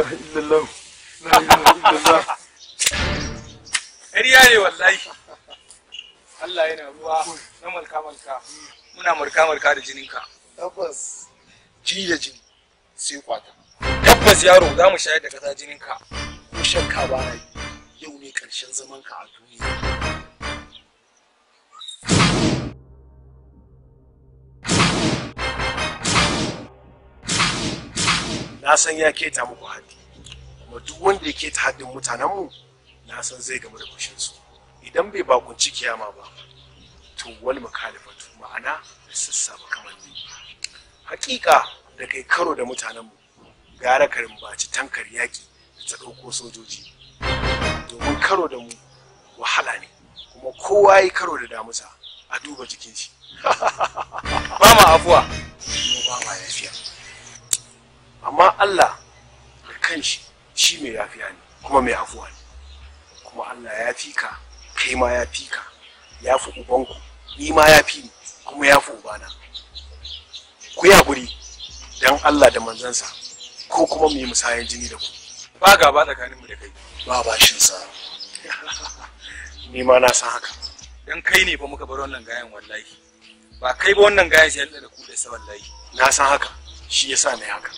ilaha illallah la ilaha illallah ƙarya ne wallahi Allah yana ruwa na malka malka muna marka marka da jininka tabbas jini da jini sai kwata tabbas yaro za mu shayar da kasa jininka ko shakka ba yau ne karshen zamanka a duniya na san ya keta muku haddi kuma duk wanda ya ta haddin mutanenmu na san zai gamu da kushin su. idan bai bakunci kiyama ba to wal mukhalifatu ma'ana da kamar makamanni hakika da kai karo da mutanen mu gara karin baci tankar yaki da ta ɗauko sojoji domin karo da mu wahala ne kuma kowa yi karo da damusa a duba jikin shi ba ma afuwa ba ma lafiya amma Allah da kanshi shi mai yafiya ne kuma mai afuwa ne kuma Allah ya fi ka kai ma ya fi ka ya fi ubanku ni ma ya fi ni kuma ya fi ubana ku yi haƙuri don Allah da manzansa ko kuma mu yi musayan jini da ku ba gaba mu da kai ba sa. ni ma na san haka dan kai ne fa muka bar wannan gayan wallahi ba kai ba wannan gayan sai da ku da sa wallahi na san haka shi yasa ne haka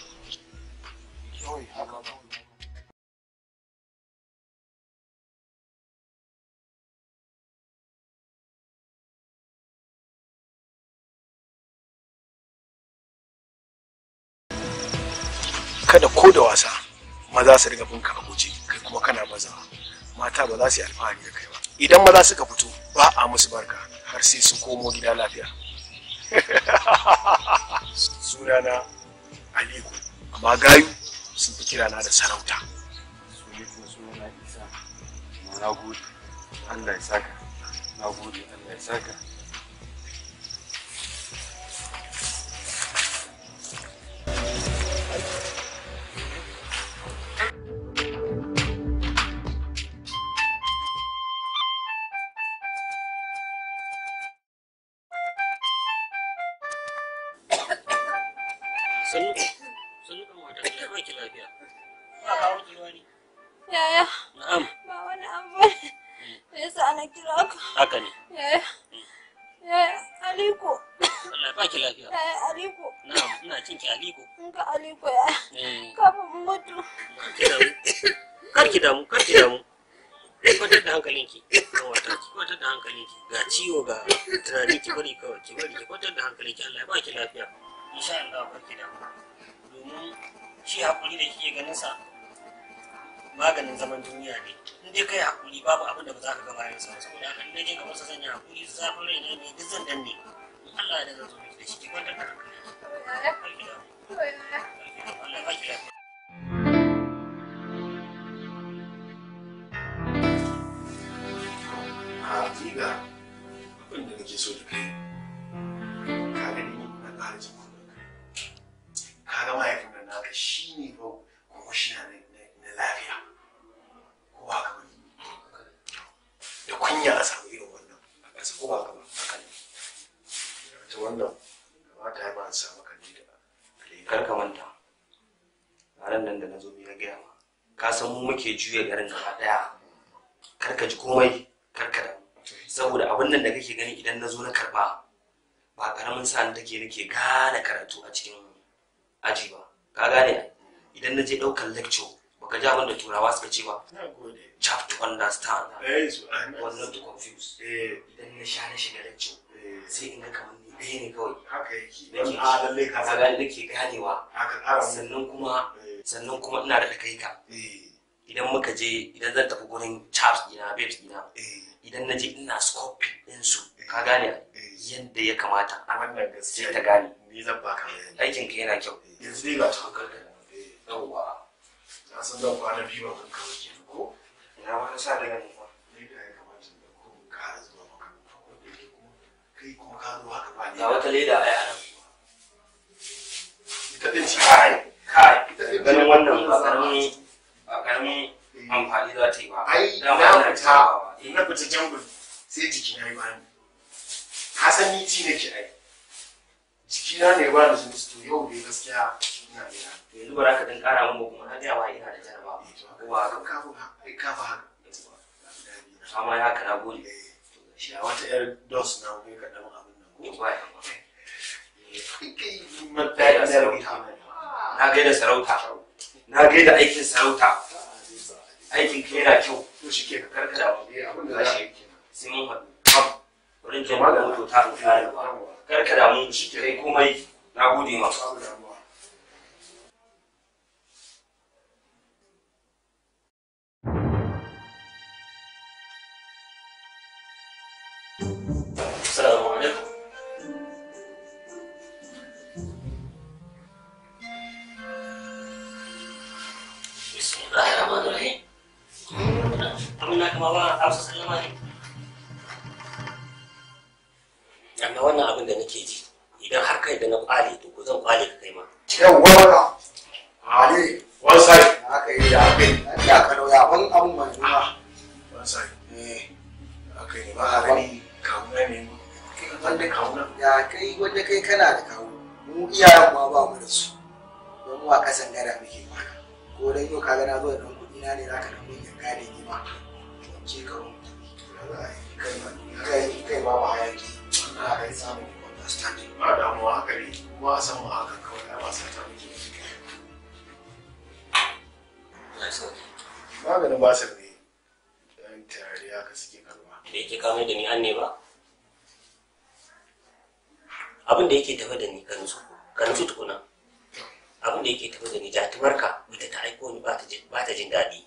kada ko da wasa maza su riga binka a kai kuma kana maza mata ba za su yi alfahari da kai ba idan maza suka fito ba a musu barka har sai su komo gida lafiya sunana aliku amma gayu sun fi kira na da sarauta na gode allah ya saka na gode allah ya saka juya garin gaba daya kar ka ji komai kar da saboda abin nan da kake gani idan na zo na karba ba karamin sa'an take nake gane karatu a cikin aji ba ka gane idan na je ɗaukar lecture baka ji abin da turawa suka ce ba chap to understand wannan to confuse eh. idan na sha na shiga lecture eh. sai in ga kamar ni ɗaya ne kawai haka yake ah, ka gane nake ganewa sannan kuma eh. sannan kuma ina da takaika. idan muka je idan zan tafi gurin chaps dina babes dina eh. idan na je ina scope ɗinsu eh. ka gane eh. yadda ya kamata a wannan gaske ta gane ni zan baka aikin ka yana kyau yanzu ne ga ta tukar da yawwa na san zan kwana biyu ban kawai ke ko ina ma sa daga ne ba ni da ya kamata da ko ka zuwa maka ko da ke kuma kai ko ka zo haka ba ne ga wata leda a yana ita din ci kai kai ita ganin wannan ba karamin ba karamin eh. amfani za ta yi ba ai na fita na fita jambul sai jiki na yi ba ni hasan ni ji nake ai jiki na ne ba ni sun to yau bai gaskiya ina gida to yanzu ba za ka dan kara mun kuma na jawa ina da jarabawa kuma eh, haka kafa haka kafa haka amma ya kana na gode eh, shi a wata yar dos na wani ka dan abin nan ko ba ya ba kai kai mun da sarauta na ga da sarauta na ga da aikin sarauta aikin ka yana kyau to shi ke ka karkada abin da za shi yi sai mun haɗu kam wurin jama'a da mutu ta rufe karkada mun shi ke komai na gode masa haka suke karuwa da yake kamar da ni an ne ba abin da yake tafi da ni kan nutsu ka tukuna abin da yake tafi da ni jatumarka wata ta aiko ni ba ta jin daɗi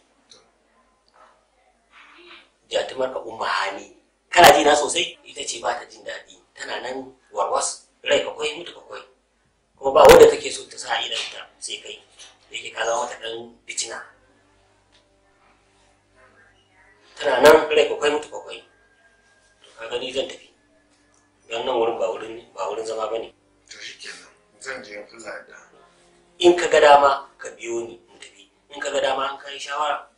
jatumarka umma hali. kana ji na sosai ita ce ba ta jin daɗi tana nan warwas rai koyi mutu koyi. kuma ba wanda take so ta sa idan ta sai kai da yake ka zama mata ɗan bicina tana nan rai kwakwai mutu kwakwai to ka gani zan tafi dan nan wurin ba wurin ba wurin zama bane to shikenan zan je in kula da in ka ga dama ka biyo ni in tafi in ka ga dama ka yi shawara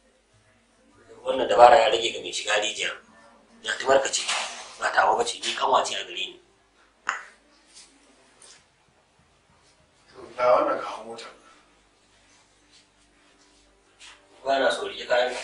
wannan dabara ya rage ga mai shiga rijiya ya ta ce ba tawa ba ce ni kan wace a gare ni Ba wannan ga motar ba na so rike kayan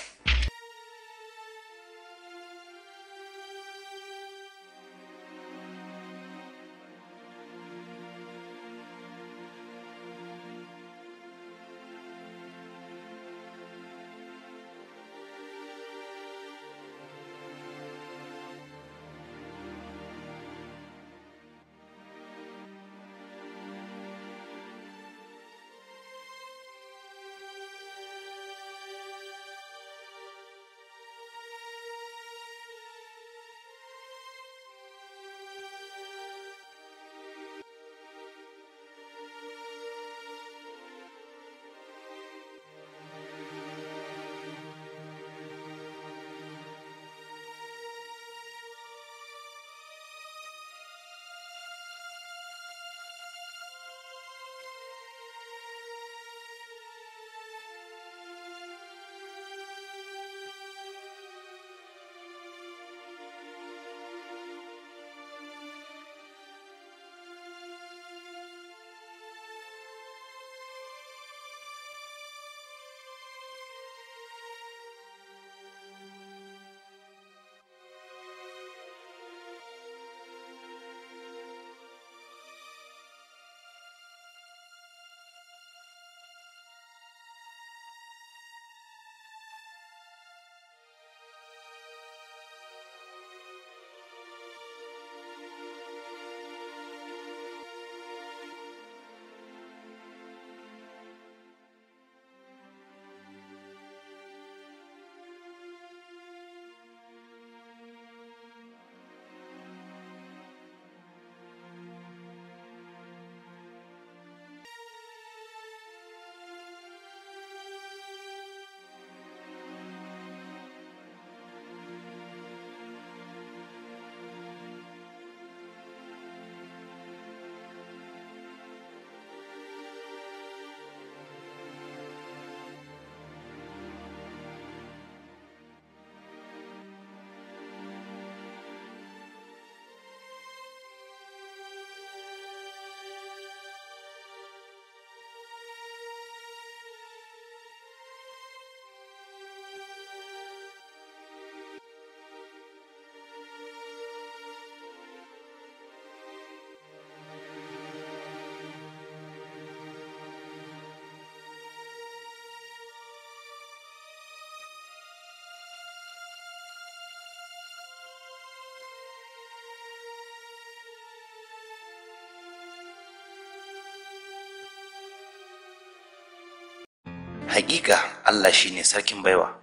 Hakika Allah shine sarkin baiwa.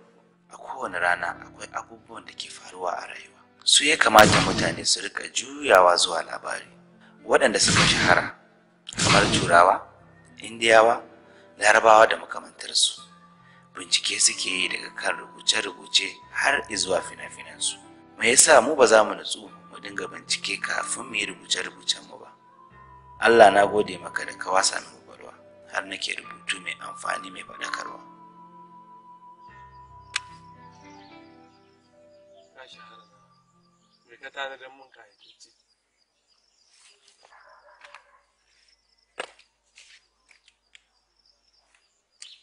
A kowane rana akwai abubuwan da ke faruwa a rayuwa. Su ya kamata mutane su rika juyawa zuwa labari. Waɗanda suka shahara kamar Turawa, Indiyawa, Larabawa da makamantarsu. Bincike suke yi daga kan rubuce-rubuce har izuwa fina-finansu. Me yasa mu ba za mu nutsu mu dinga bincike kafin mu yi rubuce-rubucen mu ba? Allah na gode maka da ka wasa mu har nake rubutu mai amfani mai faɗakarwa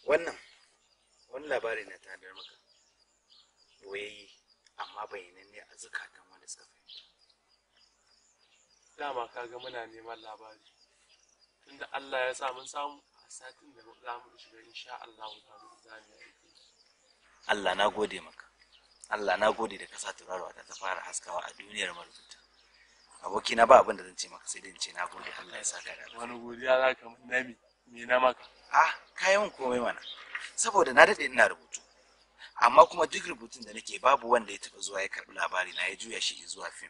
wannan wani labari na tanar maka boyayye amma ne a zukatan wanda suka fahimta dama kaga muna neman labari tunda Allah ya sa samu satin da za mu shiga insha Allah za mu yi Allah na gode maka Allah na gode da kasa turarwa ta fara haskawa a duniyar marubuta aboki na ba abin da zan ce maka sai dai in ce na gode Allah ya sa da wani godiya za ka mun nami me na maka ah kayan mun komai mana saboda na dade ina rubutu amma kuma duk rubutun da nake babu wanda ya taba zuwa ya karbi labari na ya juya shi zuwa fim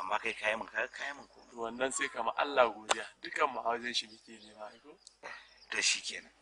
amma kai kayi min kai kayi min ko wannan sai kama Allah godiya dukan mu a wajen shi muke nema ko to shikenan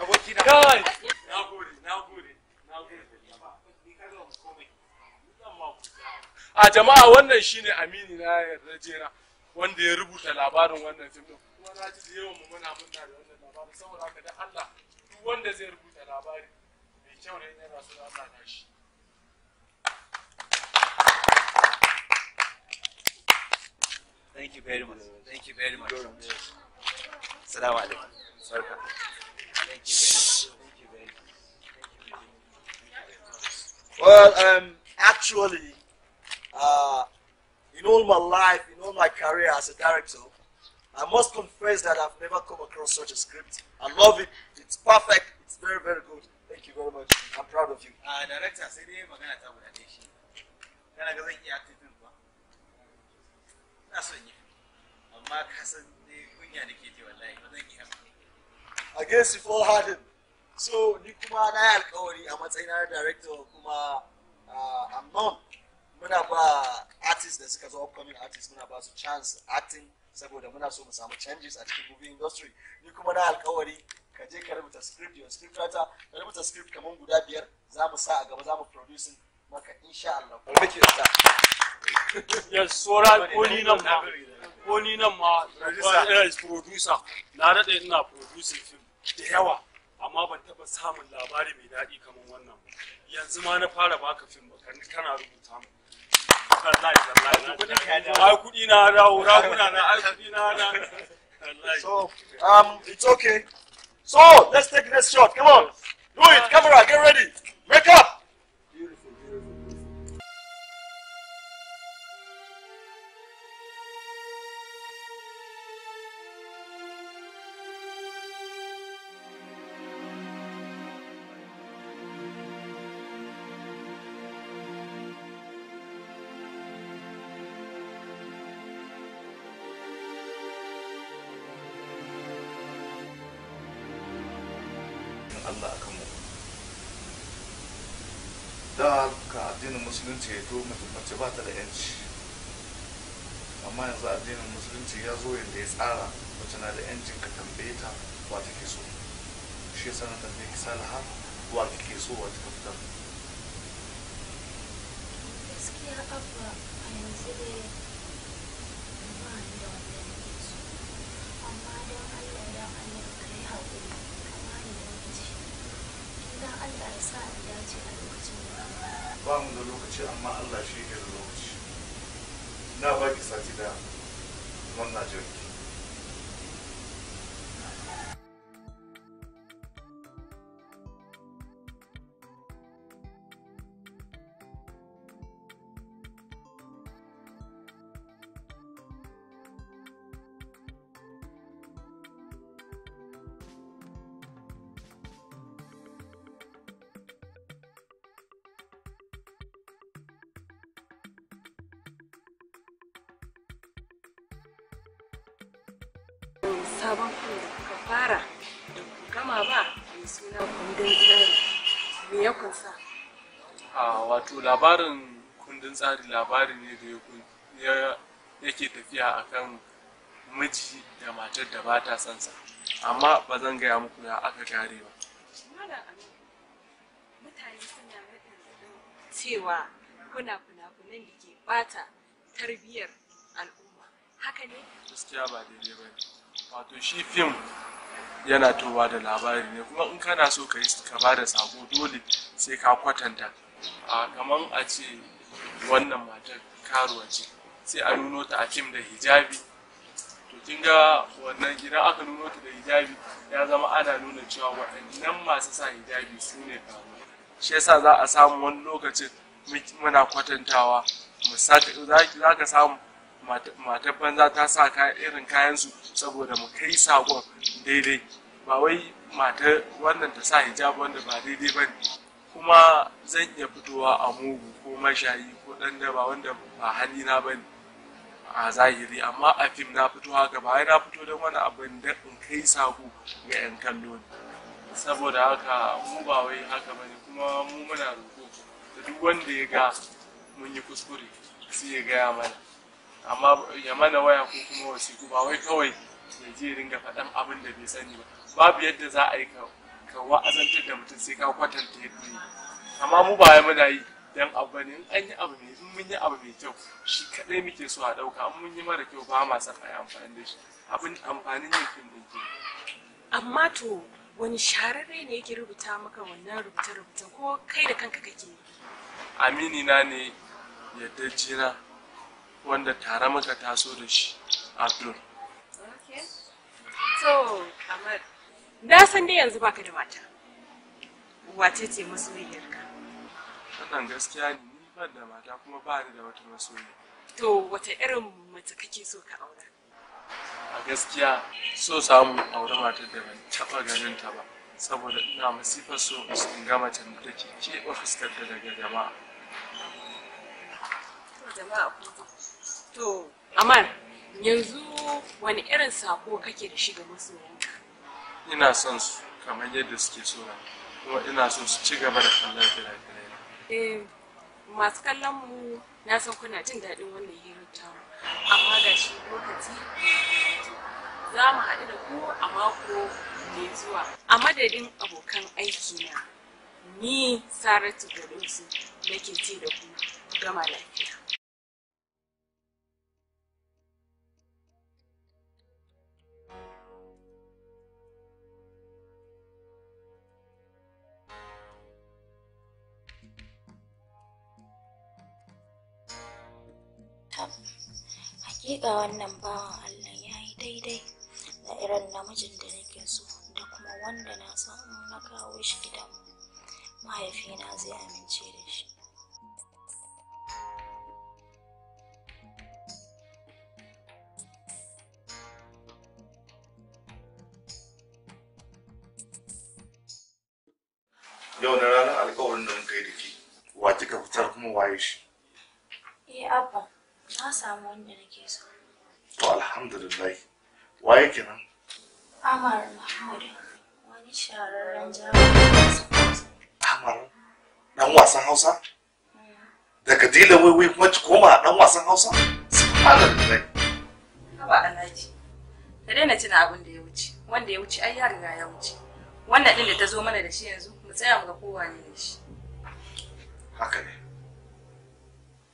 abokina kai na gode na gode na gode a jama'a wannan shine amini na yarda wanda ya rubuta labarin wannan fim din kuma na ji yawan mu muna murna da wannan labarin saboda haka da Allah duk wanda zai rubuta labari mai kyau ne yana so Allah na shi Thank you very much. Thank you very much. Assalamu alaikum. Well, um, actually, uh, in all my life, in all my career as a director, I must confess that I've never come across such a script. I love it. It's perfect. It's very, very good. Thank you very much. I'm proud of you. Uh, director, say I guess you've all had it. so ni kuma na yi alkawari a matsayin na director kuma a non muna ba artist da suka zo upcoming artist muna ba su chance acting saboda muna so mu samu changes a cikin movie industry ni kuma na alkawari ka je ka rubuta script yau script writer ka rubuta script kamar guda biyar za mu sa a gaba za mu producing maka insha Allah ko kake sa ya sora ko ni nan ma ko ni nan ma producer na daɗe ina producing film da yawa amma ban taɓa samun labari mai kamar wannan yanzu ma na fara baka kana rubuta mu ai na raguna na ai na na so um it's okay so let's take this shot come on do it camera get ready wake up improvement mace ba ta da yanci amma yanzu addinin musulunci ya zo yadda ya tsara mace na da yancin ka tambaye ta wa take so shi yasa na tambaye ki salaha wa kike so wa kika fitar gaskiya abba a yanzu dai ba ni da wanda nake so amma don Allah don Allah kai haƙuri kamar yanzu don Allah ya sa in dace Allah bamu mu da lokaci amma allah shi ke da lokaci na baki sati da wannan jirgi sabon kuma da fara da ku gama ba mai suna kundin tsari me ya kunsa a wato labarin kundin tsari labari ne da yake tafiya akan miji da matar da ba ta son amma ba zan gaya muku ya aka kare ba mutane suna cewa kuna kunakunan da ke bata tarbiyyar al'umma haka ne gaskiya ba daidai ba ne wato shi fim yana towa da labari ne kuma in kana so ka yi ka bada da sako dole sai ka kwatanta a kaman a ce wannan matar karuwa ce sai a nuno ta a fim da hijabi to kin ga wannan idan aka nuno ta da hijabi ya zama ana nuna cewa waɗannan masu sa hijabi su ne karuwa shi yasa za a samu wani lokacin muna kwatantawa za ka samu matar banza ta sa irin kayansu saboda mu kai sakon daidai ba wai matar wannan ta sa hijab wanda ba daidai ba kuma zan iya fitowa a mugu ko mashayi ko dan daba wanda ba halina ba ne a zahiri amma a fim na fito haka ba na fito don wani abin da in kai sako ga 'yan kallo ne saboda haka mu ba wai haka ba kuma mu muna roƙo da duk wanda ya ga mun yi kuskure sai ya gaya mana amma ya mana waya ko kuma wasiku ba wai kawai ya je ringa faɗan abin da bai sani ba babu yadda za a yi ka wa'azantar da mutum sai ka kwatanta yadda ne amma mu ba muna yi dan abu ne in an yi abu mai in mun yi abu mai kyau shi kadai muke so a dauka an mun yi mara kyau ba ma sa kai amfani da shi abin amfanin ne kin da ke amma to wani shararre ne yake rubuta maka wannan rubuta rubuta ko kai da kanka kake amini na ne yadda jina wanda tare muka taso da shi abdul so kamar na san dai yanzu baka da mata wace ce masoyiyarka wannan gaskiya ne ni ba da mata kuma ba ni da wata masoyi. to wata irin mace kake so ka aura a gaskiya so samu aure matar da ban taɓa ganin ta ba saboda ina masifar so in ga macen da take keɓe fuskar da daga jama'a To, Amar, yanzu wani irin sako kake da shi ga masoyanka? Ina son su kamar yadda suke so na, kuma ina son su ci gaba da kallon fina-finai. Eh, masu kallon mu na san kuna jin daɗin wannan hirar tamu, amma ga shi lokaci za mu haɗu da ku a mako mai zuwa. A madadin abokan aiki na, ni Saratu Galusu nake ce da ku gama lafiya. Hakika wannan bawan Allah ya yi daidai da irin namijin da nake so da kuma wanda na samu na kawo shi gidanmu mahaifina zai amince da shi. yau na ranar alkawarin da muka yi da ke wa kika fitar kuma waye shi? Eh, abba. Na samu wanda nake so. To alhamdulillah. Waye kenan? Amar Mahmud. Wani shahararren jami'in Amar dan wasan Hausa? Daga dila wai wai kuma ki koma dan wasan Hausa? Subhanallah. Haba Alhaji. Ka daina tuna abin da ya wuce. Wanda ya wuce ai ya riga ya wuce. Wannan din da ta zo mana da shi yanzu mu tsaya mu ga kowa ne da shi. Haka ne.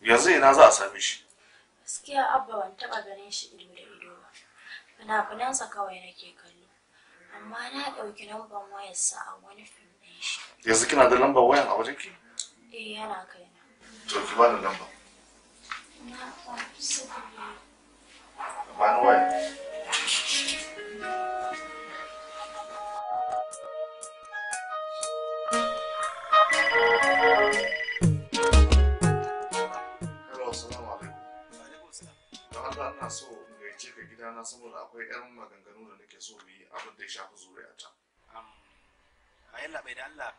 Yanzu ina za a same shi. gaskiya abba ban taɓa ganin shi ido da ido ba fina-finansa kawai nake kallo amma na ɗauki lambar wayarsa a wani fim ɗin shi yanzu kina da lambar wayan a wajenki eh yana kaina to ki bani lambar na ba um, su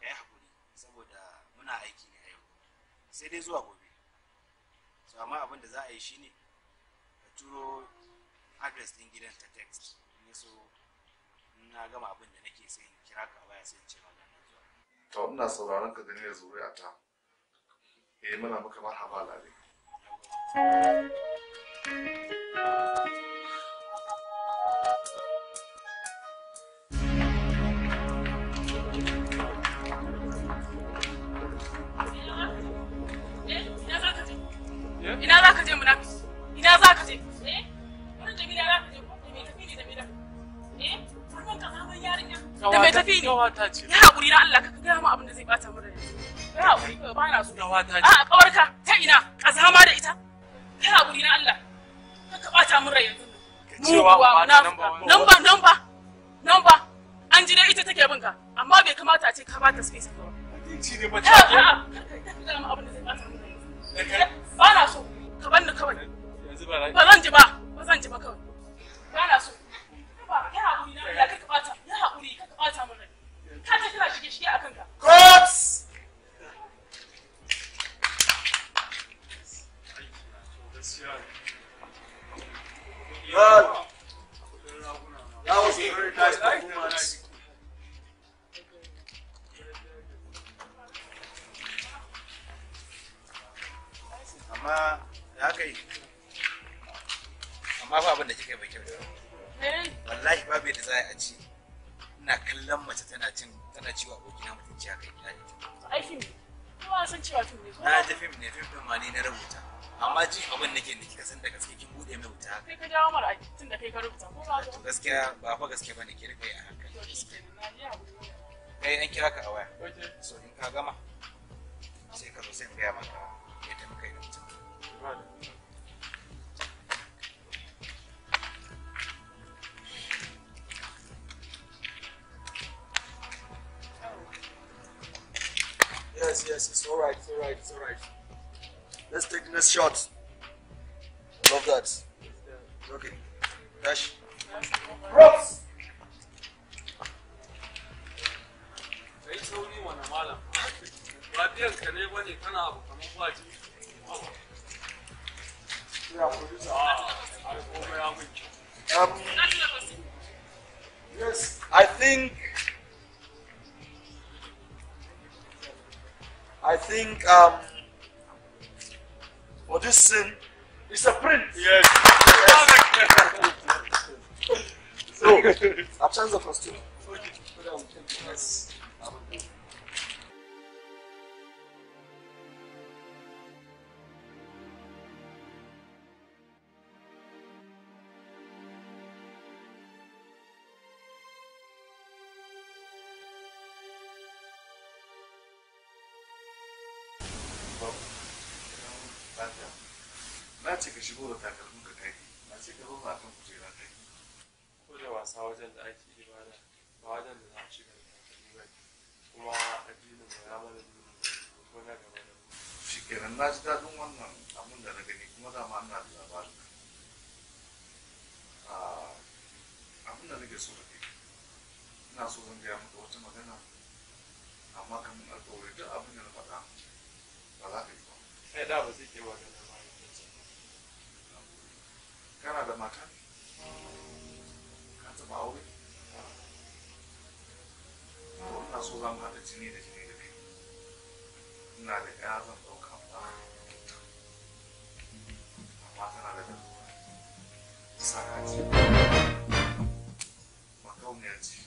ka yi hakuri saboda muna aiki ne a yau sai dai zuwa gobe so amma abin da za a yi shi ne, ka turo adres din gidan ta text ne so na gama abin da nake sai kira ka baya sai in ce magana zuwa to ina sauraron ka gani da zuriya ta eh muna maka marhaba lare Thank you. Ina za ka je munafis? Ina za ka je? Eh? Wurin Jamila za ka je ko da mai eh? tafi ne Jamila? Eh? Wurin ka zaman yarinya. Da mai tafi ne. Gawata ce. Ya haƙuri na Allah ka gaya mu abin da zai bata mu rai. Ya haƙuri ba na so. Gawata ce. A'a kawarka ta ina kazama da ita. Ya haƙuri na Allah. Ka ka bata mu rai yanzu. Cewa ba ta namba namba namba an ji dai ita take bin ka amma bai kamata a ce ka bata space ba. Mutunci ne ba ta. A'a ka gaya mu abin da Ba na so, ka banni kawai. Ba zan ji ba, ba zan ji ba kawai. Ba na so. Ba, ya haƙuri na, ya ka bata, ya haƙuri, ka bata min rai. Ka ta kina shige-shige a kanka. Cops! Well, that was a very nice performance. amma za ka amma ba abin da kika yi bai kyau eh. wallahi babu yadda za a ce ina kallon mace tana cin tana ci wa abokina mutunci haka ina da ai fim kowa san cewa fim ne na ta fim ne fim din ma ni na rubuta amma ji abin nake da kika san da gaske kin bude mai wuta kai ka jawo mara tun da kai ka rubuta ko ba to gaskiya ba fa gaske bane ki rika yi a hankali kai an kira ka a waya so in ka gama sai ka zo sai ka gaya maka Ya muka yi da mutum Yes, yes, it's all right, it's all right, it's all right. Let's take the next shot. Love that. Okay. Dash. Props! ka yi sauri wani malam ba biyan ka ne bane kana abu kamar ba jini Ah, um, yes, I think I think um, for this sin, it's a print. Yes. yes. so, a chance of us too. Yes. 咱们还经历着经历着呗，哪得挨这么看不到？马上来了，就撒开去，把狗撵去，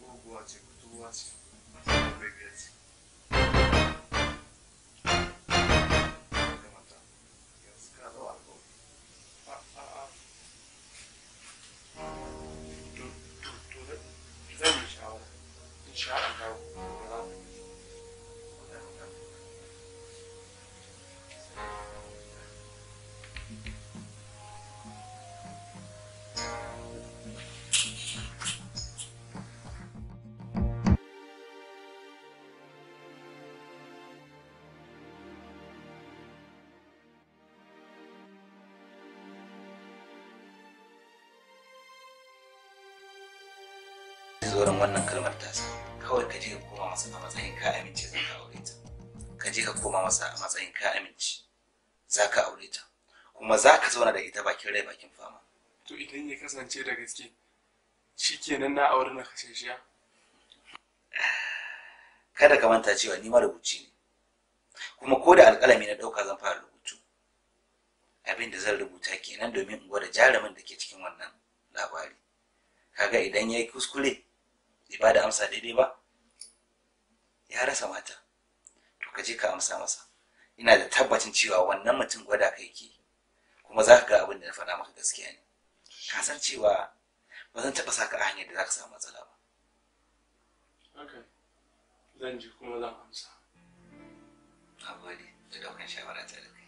撸过来接，吐过来接，随便 doron wannan kalmar tasa kawai ka je ka koma masa a matsayin ka amince za ka aure ta ka je ka koma masa a matsayin ka amince za ka aure ta kuma za ka zauna da ita bakin rai bakin fama to idan ya kasance da gaske shikenan na aure na kashe kashashiya kada ka manta cewa ni marubuci ne kuma ko da alƙalami na ɗauka zan fara rubutu abin da zan rubuta kenan domin in gwada jarumin da ke cikin wannan labari kaga idan ya yi kuskure bai ba da amsa daidai ba ya rasa mata to ka je ka amsa masa ina da tabbacin cewa wannan mutum gwada kai ke kuma za ka ga abin da na faɗa maka gaskiya ne ka san cewa ba zan taɓa saka a hanyar da za ka samu matsala ba zan ji kuma zan amsa na gode da ɗaukan shawara ta da kai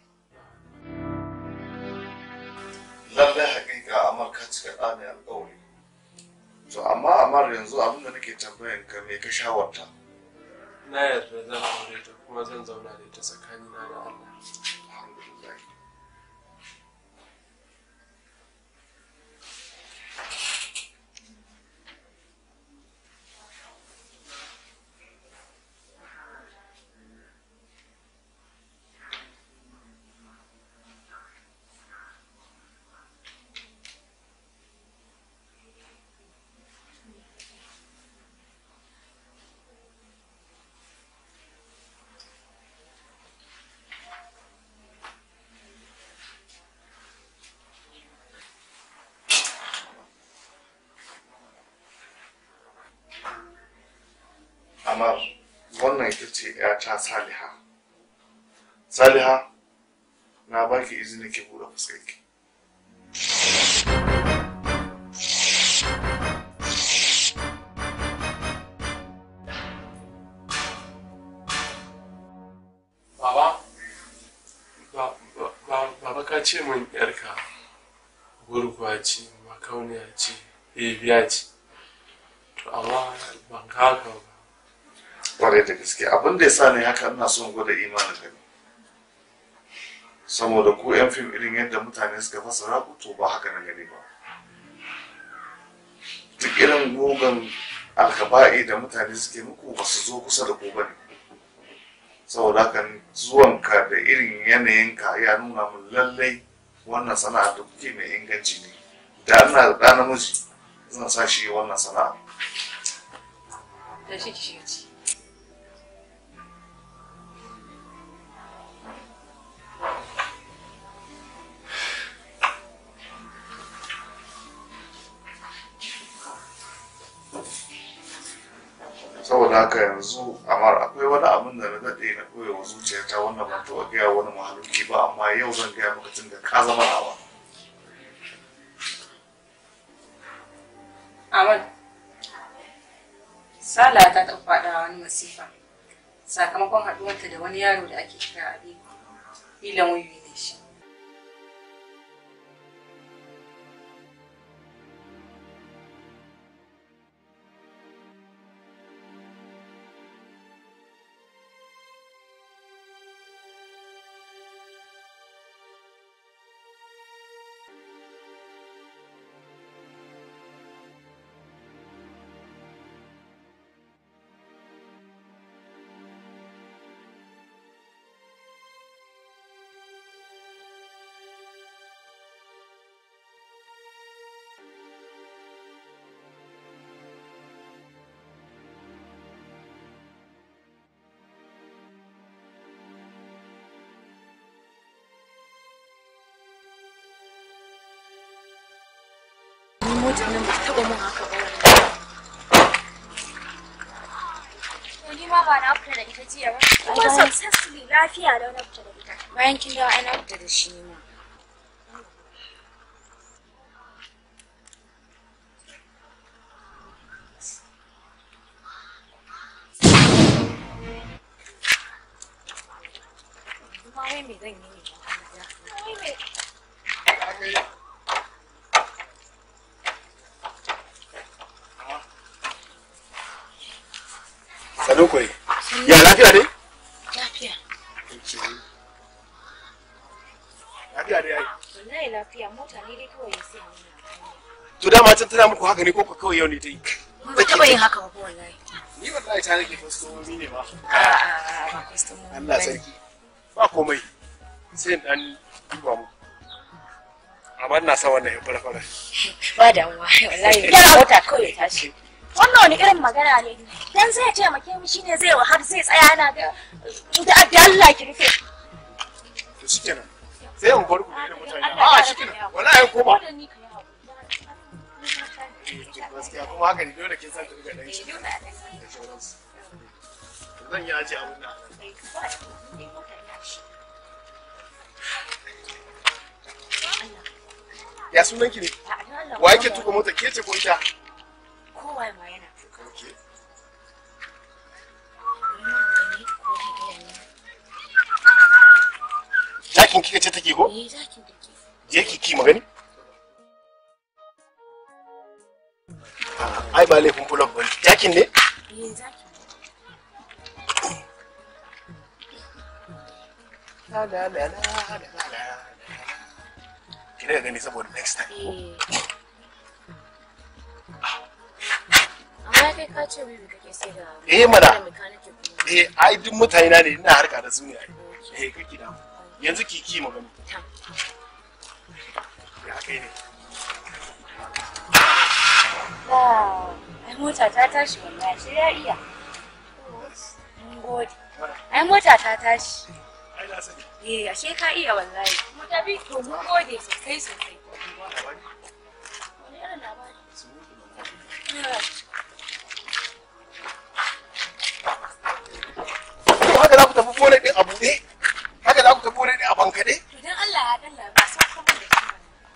lallai haƙiƙa amurka cika ɗa ɗaure. alƙawari to amma amar yanzu abinda nake tambayan ka me ka shawarta na yarda zan aure ta kuma zan zauna da ita tsakanina da Allah amar wannan ita ce ta saliha saliha na baki izini ki buɗe fuskarki Baba, baba ka ce min yarka gurguwa ce, makauniya ce, biya ce, to amma ban haka ba. kware da gaske abin da ya sa ne haka ina son gwada imanin gani saboda ko yan fim irin yadda mutane suka fasa ku to ba haka na gani ba duk irin gogon alkaba'i da mutane suke muku ba su zo kusa da ku ba ne saboda haka zuwanka da irin yanayinka ya nuna min lallai wannan sana'a da kuke mai inganci ne da ana da ɗa namiji zan sa shi wannan sana'a saboda haka yanzu amar akwai wani abin da na daɗe na koya wa zuciyata wanda ban taɓa gaya wani mahaluki ba amma yau zan gaya maka tun da ka zama nawa. Amal, Sala ta taɓa faɗa wani masifa sakamakon haɗuwarta da wani yaro da ake kira abin ilan wuyi mutum ba taɓa mun haka ba wani. Ni ma ba na fita da ita jiya ba. Kuma successfully lafiya da na fita da ita. Bayan kin dawo ai na fita da shi ne kawai yau ne ta yi ba taɓa yin haka ba wallahi ni wallahi ta nake kwastomomi ne ba ba Allah sarki ba komai sai dan duba mu amma na sa wannan fara-fara ba da wallahi yana wata kawai wannan wani irin magana ne dan zai taimake mu shine zai zai tsaya na ga da Allah ki rufe to shikenan sai mu bar da mutane ah, shikenan wallahi koma gaskiya kuma haka ne dole kin san ta daga shi da sauransu zan yi aji abin da ya sunan ki ne wa yake tuka mota ke ce ko ita kowa ma yana Jakin kika ce take ko? Eh, jakin take. Je ki ki magani? ai ba laifin bulon ba jakin ne ki daga gani saboda next time amma kai ka ce bibi kake sai da eh mana eh ai duk mutane na ne ina harka da su ne eh kake da yanzu kiki magana ya kai ne Ai mota ta tashi wallahi sai ya iya. Mun gode. Ai mota ta tashi. Eh ashe ka iya wallahi. Mu tafi to mun gode sosai sosai. Haka za ku tafi bore ɗin a buɗe? Haka za ku tafi bore ɗin a bankaɗe? don Allah ya dalla ba sau kuma da shi.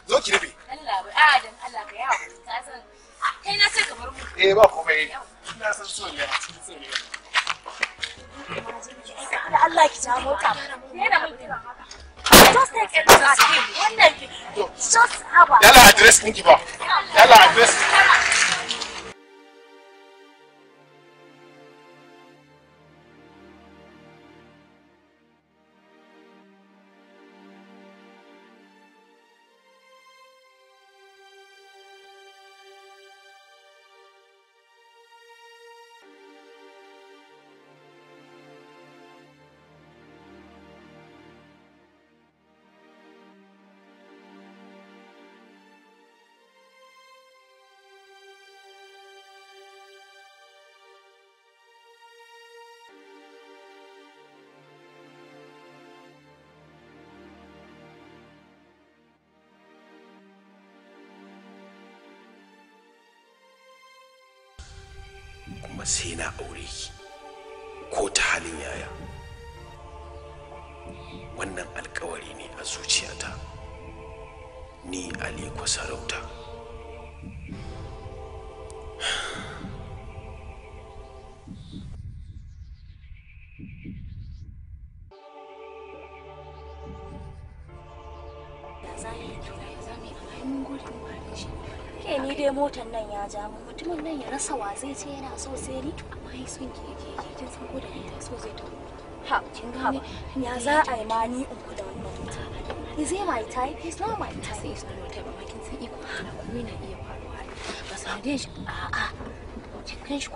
Zo ki rufe. Allah ba, a don Allah ka yi ka san Eh na ce ka bar mu. Eh ba Ina san so ne. Da Allah ki ja mota. Yana mun kira. Just take a look at him. Wannan ki. Just Yala address ɗinki ba. Yala address. kuma sai na aure ki ko ta halin yaya wannan alkawari ne a zuciyata ni aliko sarauta ke ni dai motan nan ya ja mu mutumin nan ya rasa wa zai ce yana so sai ni amma ya son ke ke ke kin san ko da so zai ha kin ga ba ya za a yi ma ni in kula wannan mutum is he my type he's not my type kin san iko iya faruwa ba a'a kin kan shi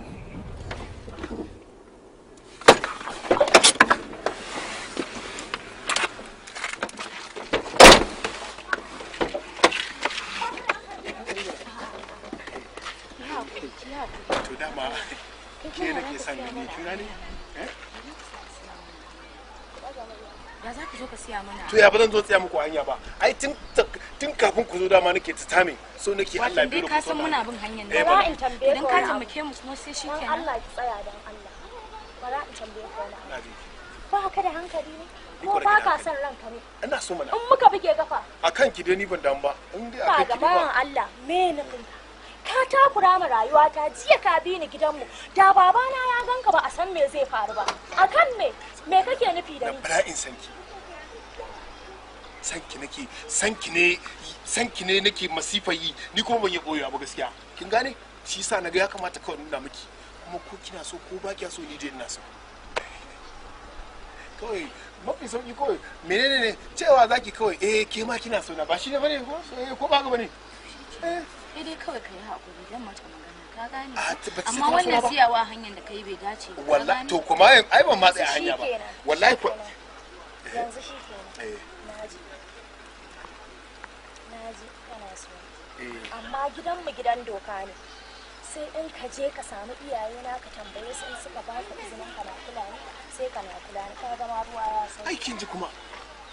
mai juna eh? to ya ba zan zo tsaya muku hanya ba ai tun tun kafin ku zo dama nake ta tame so nake Allah bai rubuta san muna bin hanyar ne eh, ba in tambaye idan ka taimake mu kuma sai shikenan Allah ki tsaya dan Allah bara in tambaye ka wani ba ka da hankali ne ko ba ka san ranka ne ina so mana in muka buge gafa akan ki dai ni ban dan ba in dai akai ki ba ga Allah me ne mun ta takura ma rayuwa ta jiya ka bi ni gidanmu da babana ya ganka ba a san me zai faru ba akan me me kake nufi da ni bala'in sanki sanki nake sanki ne sanki ne nake masifa yi ni kuma ban yi boyewa ba gaskiya kin gane shi yasa naga ya kamata kawai nuna miki kuma ko kina so ko ba kiya so ni dai ina so kawai mafi sauki kawai menene ne cewa zaki kawai eh ke ma kina so na ba shi ne bane ko eh, ba ga bane eh dai kawai ka yi haƙuri zan mata magana ka gane ah, amma wannan siyawa hanyar da ka yi bai dace ba wallahi to kuma ai ban matsa hanya ba wallahi ko yanzu shi kenan eh. naji naji kana so eh. amma gidanmu gidan doka ne sai in ka je ka samu iyayena ka tambaye su in suka baka izinin kana kula ne sai kana kula ne ka gama ruwa ya sai aikin ji kuma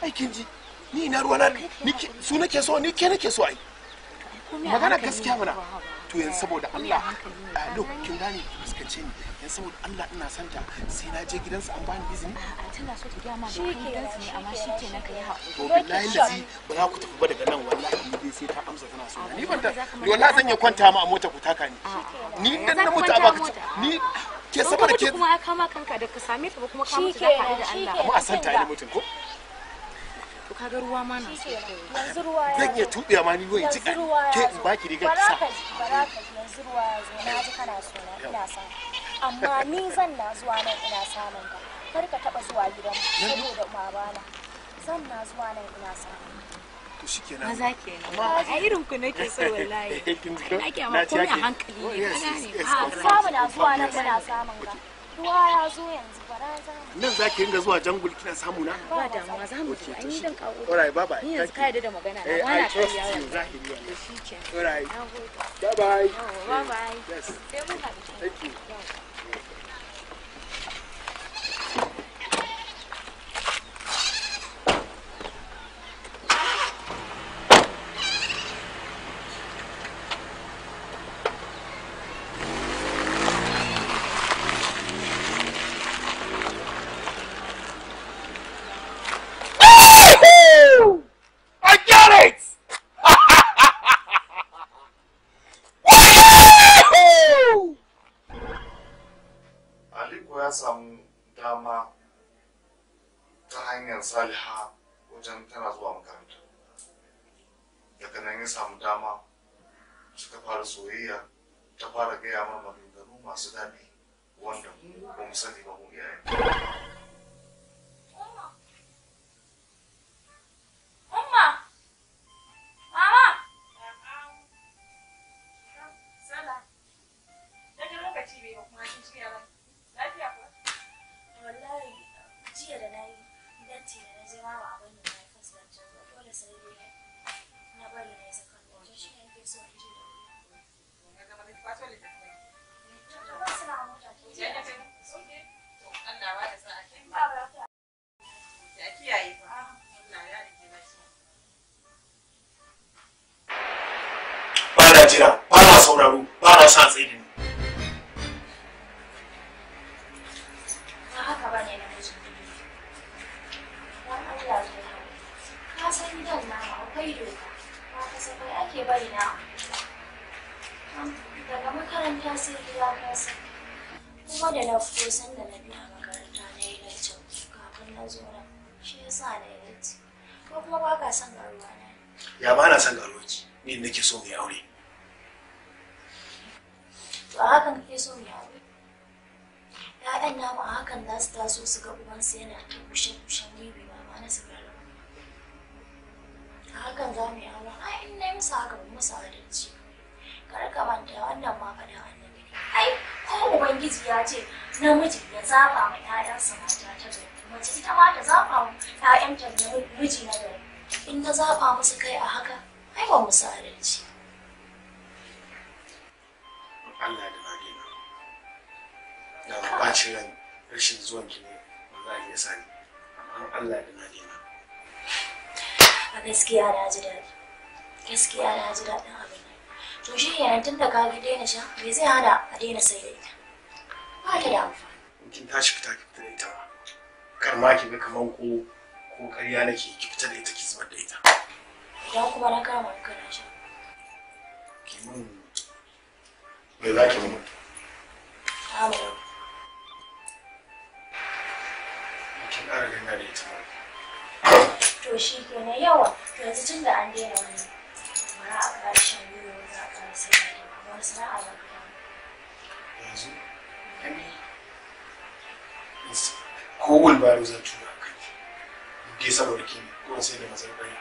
aikin ji ni na ruwa na ni su nake so ni ke nake so ai magana gaskiya mana to yanzu saboda Allah a kin gane ki fuskance ni yanzu saboda Allah ina son ta sai na je gidansa an bani izini a tana so ta ma da gidansa ne amma shi ke kenan kai haƙuri to billahi lazi ba za ku tafi ba daga nan wallahi ni dai sai ta amsa tana so ni ban ta da wallahi zan iya kwanta ma a mota ku taka ni ni dan na mota ba ku ni ke saboda ke kuma ya kama kanka da ka same ta ba kuma ka mutu da Allah amma a san ta ne mutun ko ka ruwa ma na yanzu ruwa ya zan iya tuɓe ma ni ruwa ji ke in baki riga ki sa yanzu ruwa ya zo na ji kana so na ina sa amma ni zan na zuwa nan ina samun ka kar ka taba zuwa gidan saboda babana zan na zuwa nan ina samun to shikenan maza kenan amma a irin ku nake so wallahi ake amma komai a hankali oh, ne ana ne ba samu na zuwa nan ina samun ka ruwa ya zo yanzu nan za ki ringa zuwa jangul kina samu na ba da mu za mu ci an yi dan kawo alright bye bye ni yanzu ka yarda da magana na wala ka yi yawa zahiri wannan alright bye bye bye bye yes thank you akan saliha wajen tana zuwa makaranta daga nan ya samu dama suka fara soyayya ta fara gaya mana maganganu masu daɗi wanda mu ba mu sani ba mu iyayen para a nossa vida. gabansa yana ta bushe-bushen gebe ba na sigara a hakan za mu yi aure a in na masa haka ba masa adalci kar ka manta wannan ma da annabi ne ai ko ubangiji ya ce namiji ya zaba ma ƴaƴansa mata ta gari mace ita ma ta zaba ma ƴaƴanta da miji na gari in ta zaba masa kai a haka ai ba musu adalci gaskiya na ji daɗi gaskiya na ji daɗin abin nan to shi yayin tun da ka daina sha me zai hana a daina sai da ita ba ta da amfani kin tashi fita ki fita da ita kar ma ki ga kamar ko ko ƙarya nake ki fita da ita ki zubar da ita idan kuma na kama kana sha ki mun me za ki mun Kin ƙara gana da ita ba to shi kenan yawa to yanzu tun da an daina wani mara a ƙara shan biyu za a ƙara sai da wani sana'a ba ka yanzu ani ko ba zan tura kai ke saboda ki ko sai da mazan bari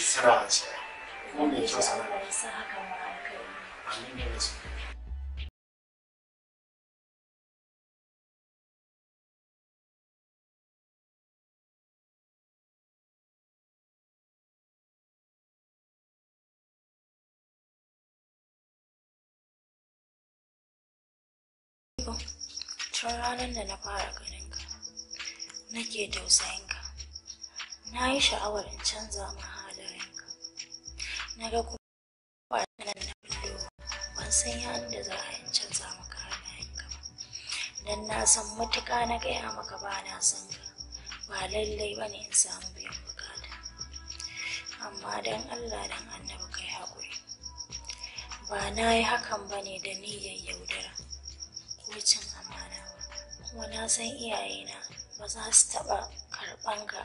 sana'a ce ko ne ce sana'a amin da wasu ba tun ranar da na fara ganinka. nake tausayin ka na yi sha'awar in canza ma na ga kuma ba nan na biyo ban san yadda za a in canza maka ba dan na san matuƙa na gaya maka ba na san ka ba lallai ba ne in samu biyan bukata amma dan allah dan annabi kai haƙuri ba na yi hakan ba ne da niyyar yaudara iya cin amana kuma na san iyayena ba za su taɓa karɓan ga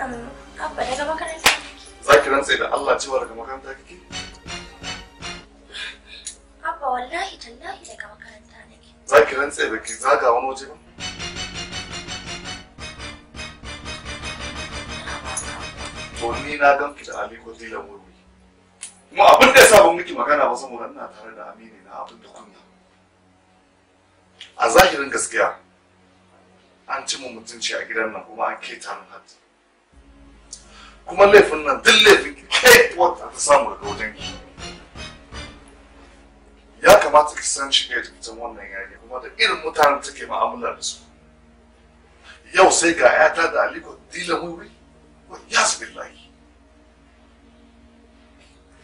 Abba daga makaranta Za ki rantse da Allah cewa daga makaranta kike? Abba wallahi tallahi daga makaranta nake. Za ki rantsa da ki zaga wani waje ba? To ni na gan ki da Aliko Zila Murmi. Kuma abin da ya sa ban miki magana ba saboda ina tare da Amini na abin da kunya. A zahirin gaskiya an ci mu mutunci a gidan nan kuma an keta min hati. kuma laifin nan duk laifin ki ke wata ta samu daga wajen ki ya kamata ki san shi da fitan wannan yaki kuma da irin mutanen take ma'amala da su yau sai ga yata da aliko dila muri wa yas billahi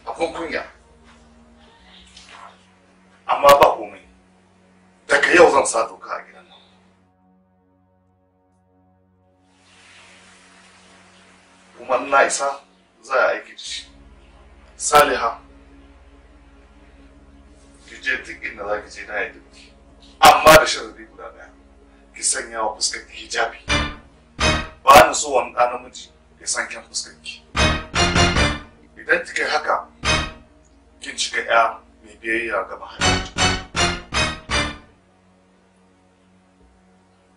akwai kunya amma ba komai daga yau zan sa doka a gida kuma na isa za a aiki da shi saliha ki je duk inda za ki je na yadda ki amma da sharadi guda daya ki sanya wa fuskar ki hijabi ba na so wani ɗan namiji ya san kyan fuskar ki idan kika yi haka kin cika ya mai biyayya ga mahaifi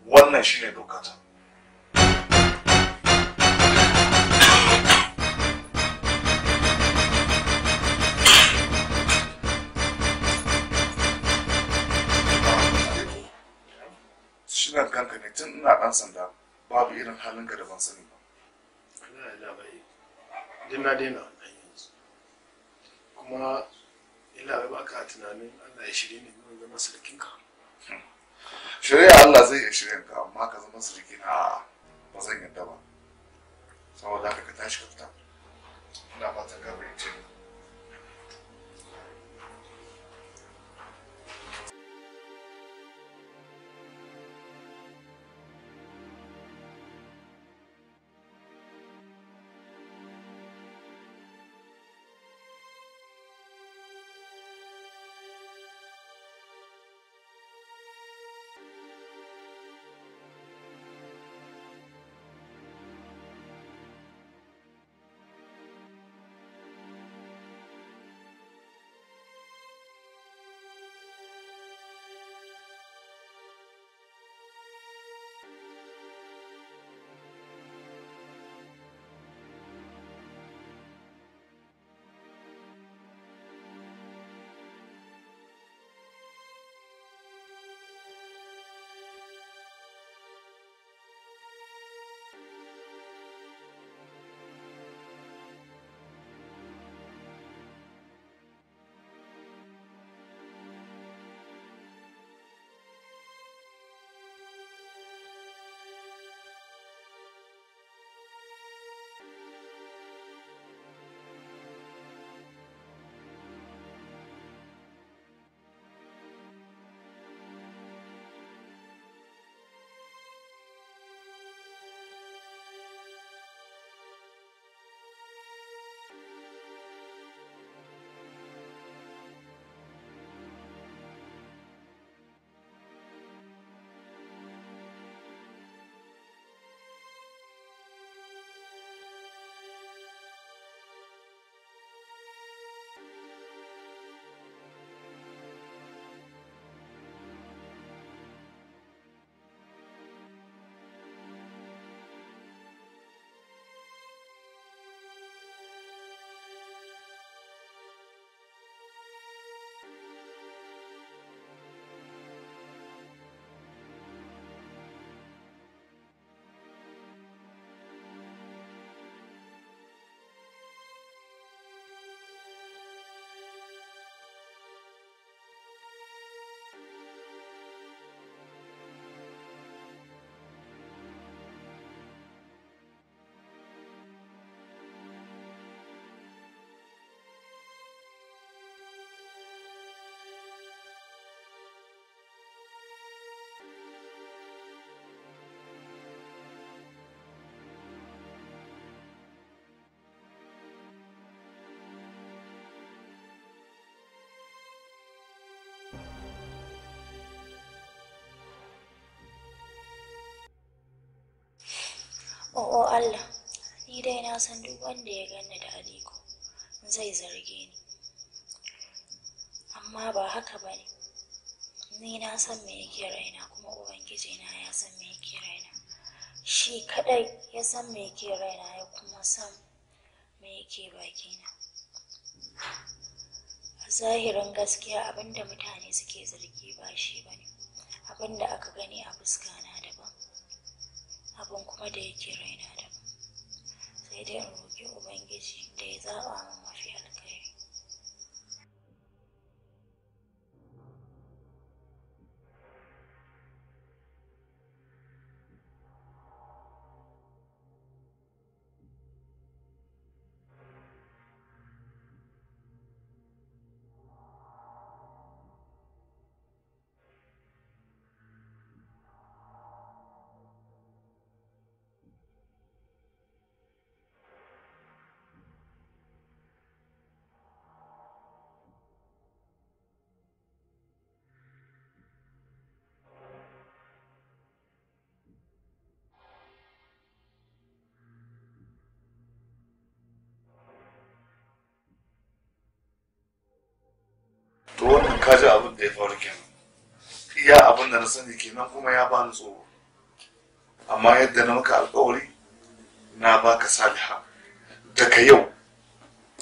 wannan shine dokata tun ina ɗan sanda babu irin halin ka da ban sani ba din na daina wannan yanzu kuma ila ba baka tunanin Allah ya shirye ne mun zama ka shirye Allah zai ya shirye ka amma ka zama sarki na ba zan yadda ba saboda haka ka tashi ka fita ina fatan ka ce. o'o oh, oh, Allah ni dai na san duk wanda ya ganni da aliko zai zarge ni amma ba haka ba ne ni na san me yake raina kuma ubangiji na ya san me yake raina shi kadai ya san me yake raina ya kuma san me yake bakina a zahirin gaskiya abinda mutane suke zargi ba shi ba ne abinda aka gani a fuskana abin kuma da yake raina da sai dai in roƙi ubangiji da ya zaɓa mu faru iya abin da na sani kenan kuma ya bani tsoro amma yadda na maka alkawari na baka saliha daga yau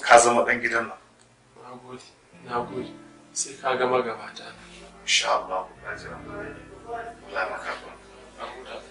ka zama dan gidan nan nagode nagode Allah ku Allah maka ba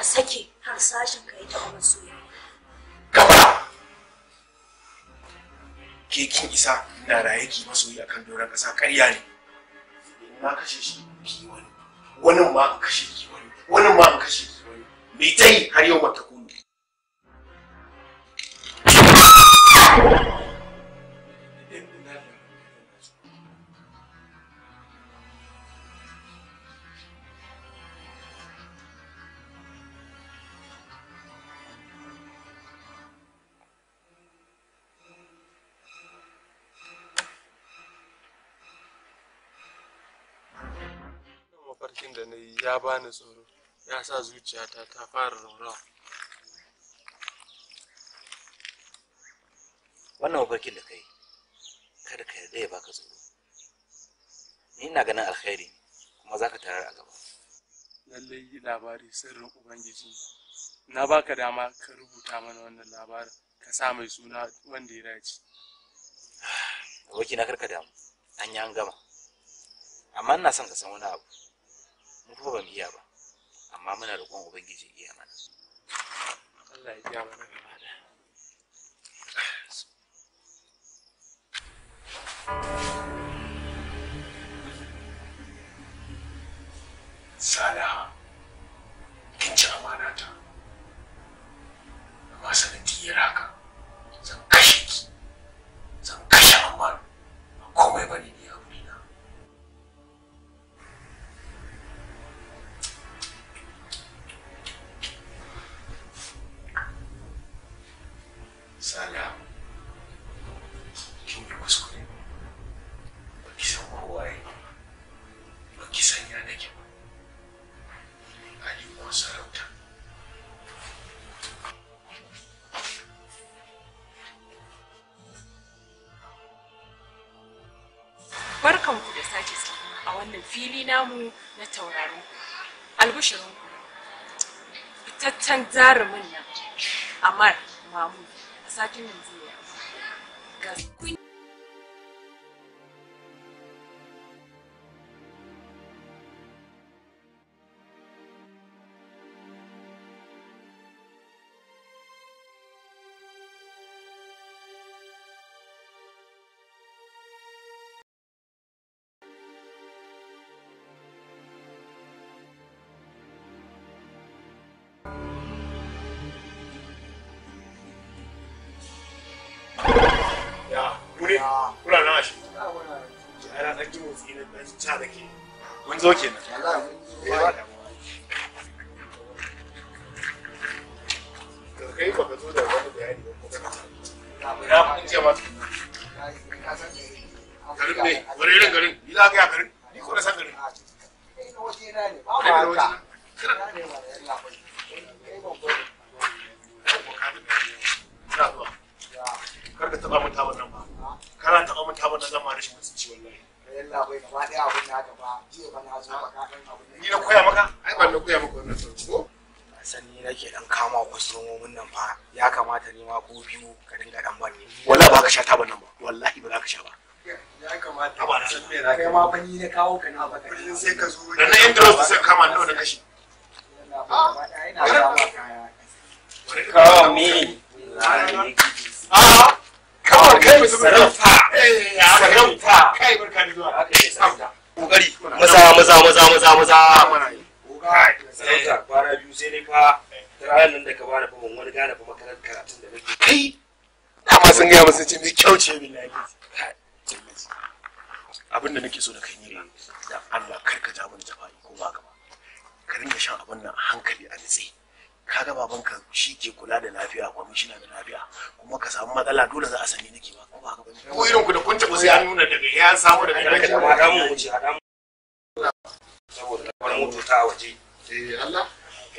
ka sake harsashin ka yi taɓa masoya. Gaba! Ke kin isa na raye ki masoyi a kan doron ƙasa ƙarya ne. Na kashe shi ki wani, wani ma kashe ki wani, wani ma kashe ki wani. Me ta yi har yau mata ya bani tsoro ya sa zuciyata ta fara raurawa wannan mafarkin da kai kada ka yarda ya baka tsoro ni ina ganin alkhairi kuma za ka tarar a gaba lallai yi labari sirrin ubangiji na baka dama ka rubuta mana wannan labarin ka sa mai suna wanda ya dace aboki na karka damu an yi an gama amma ina son ka san wani abu mu kuma ba mu iya ba amma muna roƙon ubangiji iya mana Allah ya biya mana gaba da Salaha, kin ci amana ta, amma tiyara haka zan kashe ki, zan kashe amma komai ba ne. barkan ku da sake a wannan fili namu na tauraro albushirin ku fitaccen jarumin nan amar mamu a satin yanzu ya ta ma ko biyu ka dinga dan banni wallahi ba ka sha ta ba nan ba wallahi ba za ka sha ba ya kamata ba san me na kai ma fa ni na kawo ka na baka kullun sai ka zo dan nan interest sai kama nawa na kashi kawo mini a ah, kawo kai sarrafa sarrafa kai barka da zuwa kai yi sarrafa kokari maza maza maza maza maza kai sarrafa kwana biyu sai dai fa ranar da ka bani ban wani gane ba makarar karatun da nake kai dama sun gaya masu ce mai kyau ce billahi abin da nake so da kai ne da Allah kar ka ja mun jafa'i ko ba ka ba ka dinga shan abin nan a hankali a nitse kaga babanka shi ke kula da lafiya kwamishina da lafiya kuma ka samu matsala dole za a sani nake ba ko ba ka ko irin ku da kun taɓa sai an nuna daga ya samu daga ƙarshen ba da mu wuce a saboda labarin mutu ta waje eh Allah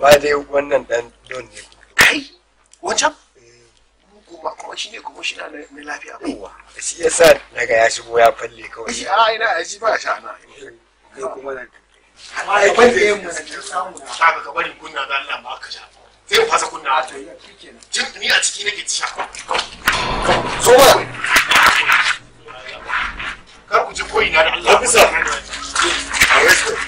amma dai wannan dan don ne kai wancan eh, kuma kuma shi ne kuma shi na mai lafiya kowa shi ya sa daga ya shigo ya falle kawai shi a ina a shi ba sha na ne kuma na amma ya falle yin mu na samu ta ga barin kunna da Allah ma ka sha zai fasa kunna a to jin ni a ciki nake sha so ba kar ku ji koyi na da Allah bisa a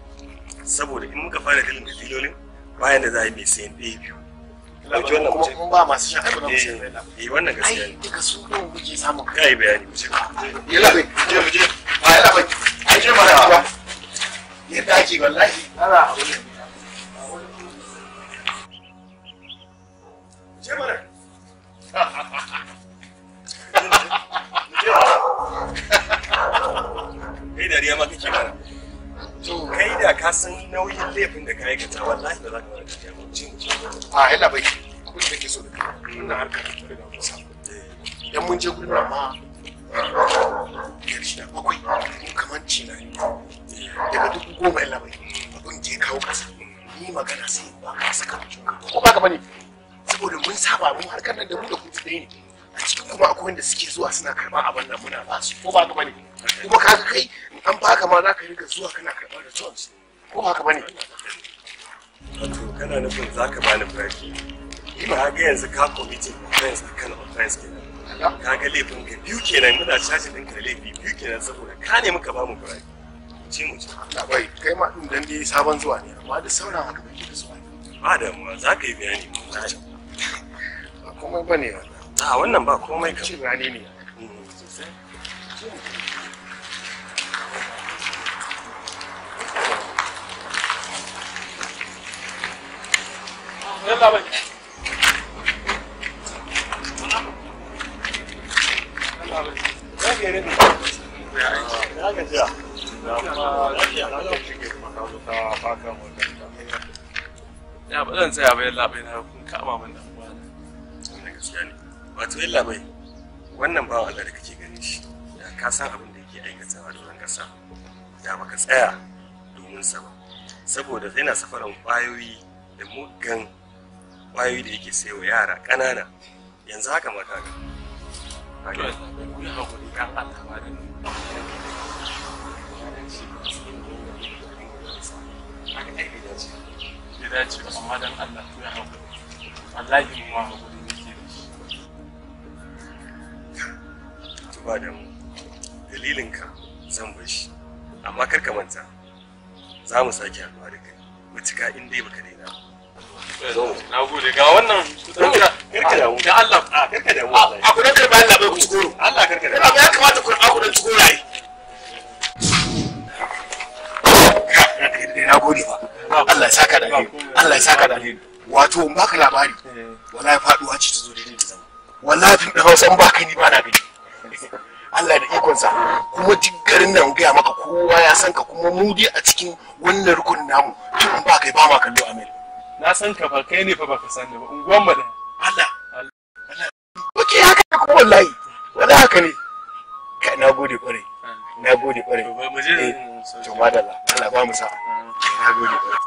saboda in muka fara kalin da filolin bayan da za a yi mai sayan ɗaya biyu ɗauki wannan mutum ba masu shan abu na mutum eh, eh wannan gaskiya ne duka su ne muke samun kai bayani mu ce ya je mu je ba ya labai ai je mana ba yadda ake wallahi ana je mana ma kake kai da ka san nauyin laifin da ka yi aikata wallahi ba za ka wani tafiya ba jin a yana bai abin da ke so da kai wannan harkar da riga mun samu idan mun je gurba ma biyar shida bakwai mun kamar cina ne eh. daga dubu goma yana bai abin je kawo kasa ni magana sai ba ka saka ko ba ka bane saboda mun saba mun harkar nan da mu da kuma ɗaya ne a cikin kuma akwai wanda suke zuwa suna karɓar abin da muna ba su ko ba ka bane kuma ka kai an baka ma za ka riga zuwa kana karɓar returns ko haka bane wato kana nufin za ka bani farki ka ga yanzu ka committing offense akan offense kenan ka ga laifin ka biyu kenan muna caji din ka laifi biyu kenan saboda ka ne muka ba mu farki ce mu ce bai kai ma din dan dai sabon zuwa ne amma da sauran haka bai da zuwa ba da mu za ka yi bayani mu ta ba komai bane wannan a wannan ba komai ka ce bayani ne sosai mm. yalla ya ba zan tsaya bai labai na kun kama min da uwa na gaskiya ne wato yalla bai wannan bawan Allah da kake gani shi da ka san abin da yake aikatawa da kasa da baka tsaya domin sa ba saboda yana safaran kwayoyi da mugan Kwayoyi da yake sayo yara ƙanana yanzu haka mata ga kaga ya kan ba da amma hakuri mu da shi da mu dalilinka zan bashi amma kar ka manta za mu sake haɗuwa da kai mutuka in dai baka daina ba na gode da da ah, da ah, ya gode ba Allah ya da Allah ya da wato in baka labari wallahi faduwa ce ta zo daidai da zama wallahi fim da Hausa in baka ni bana gani Allah da ikonsa kuma duk garin nan gaya maka kowa ya san ka kuma mu dai a cikin wannan rukunin namu tun ba kai ba ma kallo Amerika na san ka ba kai ne fa baka sani ba unguwan mu da Allah Allah oke haka ne ko wallahi wala haka ne kai na gode kwarai na gode kwarai to mu je eh, to madalla Allah ba mu sa na gode kwarai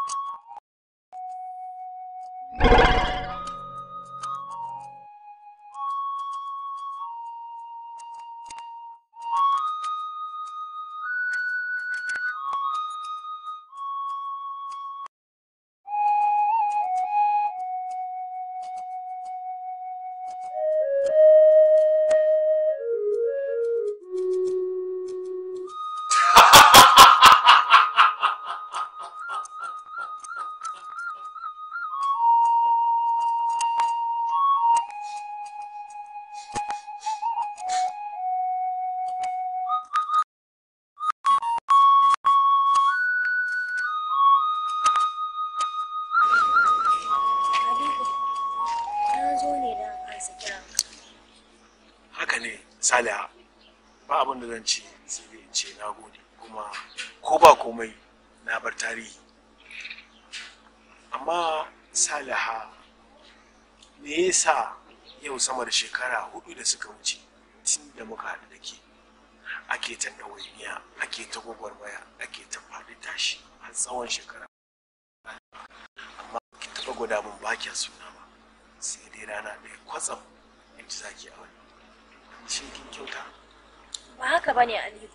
ba ne, Aliyu.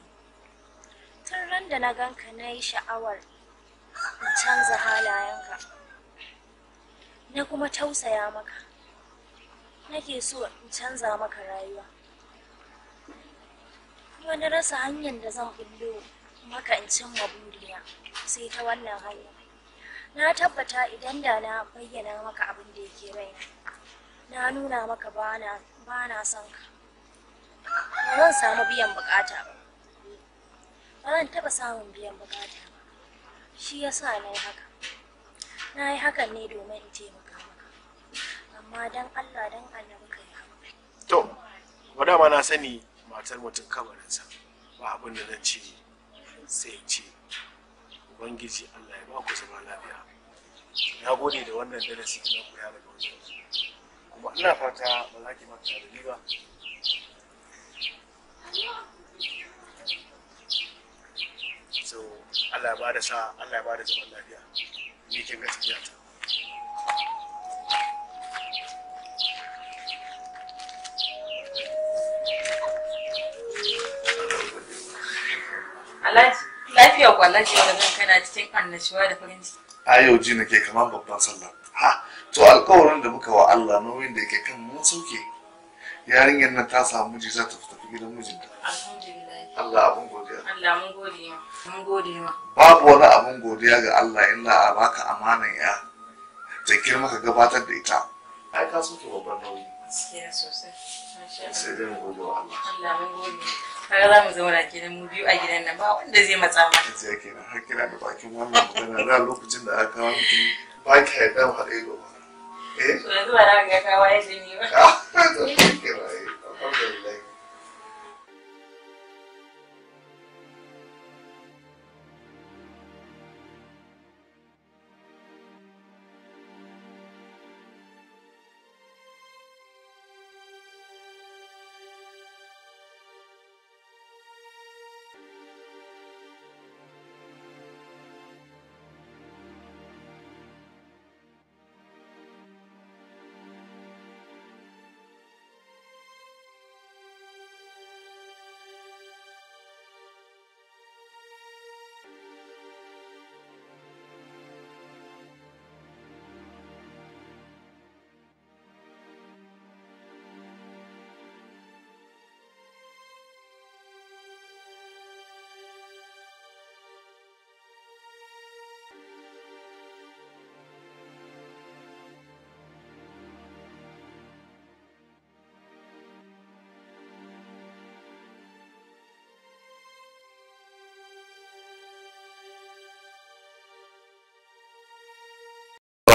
Tun ran da na ganka na yi sha'awar in canza halayenka. Na kuma tausaya maka. Nake so in canza maka rayuwa. Kuma na rasa hanyar da zan bullo maka in cimma burina sai ta wannan hanya. Na tabbata idan da na bayyana maka abin da yake raina. Na nuna maka ba na son ka. ba zan samu biyan bukata ba ba zan taɓa samun biyan bukata ba shi ya sa na yi haka na yi hakan ne domin in taimaka maka amma don allah don annabi ka yi haƙuri to ba dama na sani matar mutum kamarinsa ba abin da zan ce sai ce ubangiji allah ya ba ku zama lafiya Ya gode da wannan darasi na koya daga wajen kuma ina fata ba za ki mata da ni ba so Allah ya ba da sa Allah ya ba da zaman lafiya ni kin gaskiya ta Alhaji lafiya kwallaci da nan kana cikin annashuwa da farin ciki a yau ji nake kaman babban sallah ha to alƙawarin da muka wa Allah nauyin da yake kan mun sauke yarinyar nan ta samu ji ta fita gidan mijinta Allah abun godiya Allah mun gode ma mun gode ma babu wani abun godiya ga Allah illa a baka amanan ya ta girma ka gabatar da ita ai ka soke babban nauyi gaskiya sosai sai dai mun gode wa Allah Allah mun gode kaga za mu zauna kenan mu biyu a gidan nan ba wanda zai matsa ma ita kenan har kina da bakin wannan magana da lokacin da aka kawo miki ba ki haɗa haɗe da ba eh to yanzu ba na ga kawo ya jini ba alhamdulillah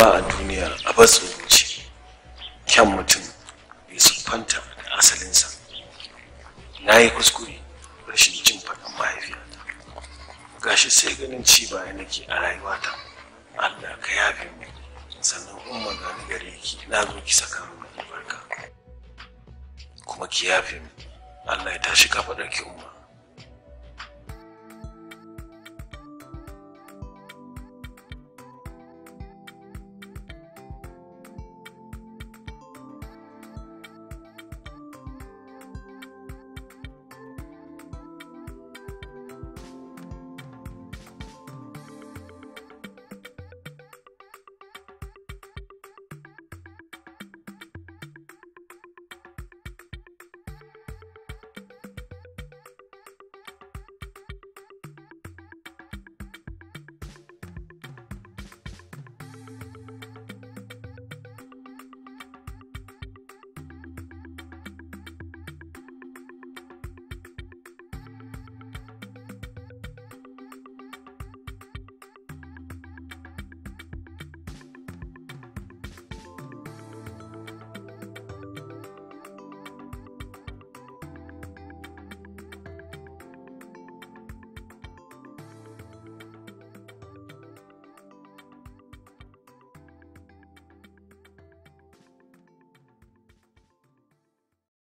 yawa a duniya a basu wuce kyan mutum bai siffanta da asalinsa na yi kuskure rashin jin faɗin mahaifiyata shi sai ganin ci baya nake a rayuwata allah ka yafe mu sannan in magana gare ki na zo ki saka mu albarka kuma ki yafe mu allah ya tashi ka kafa ki umma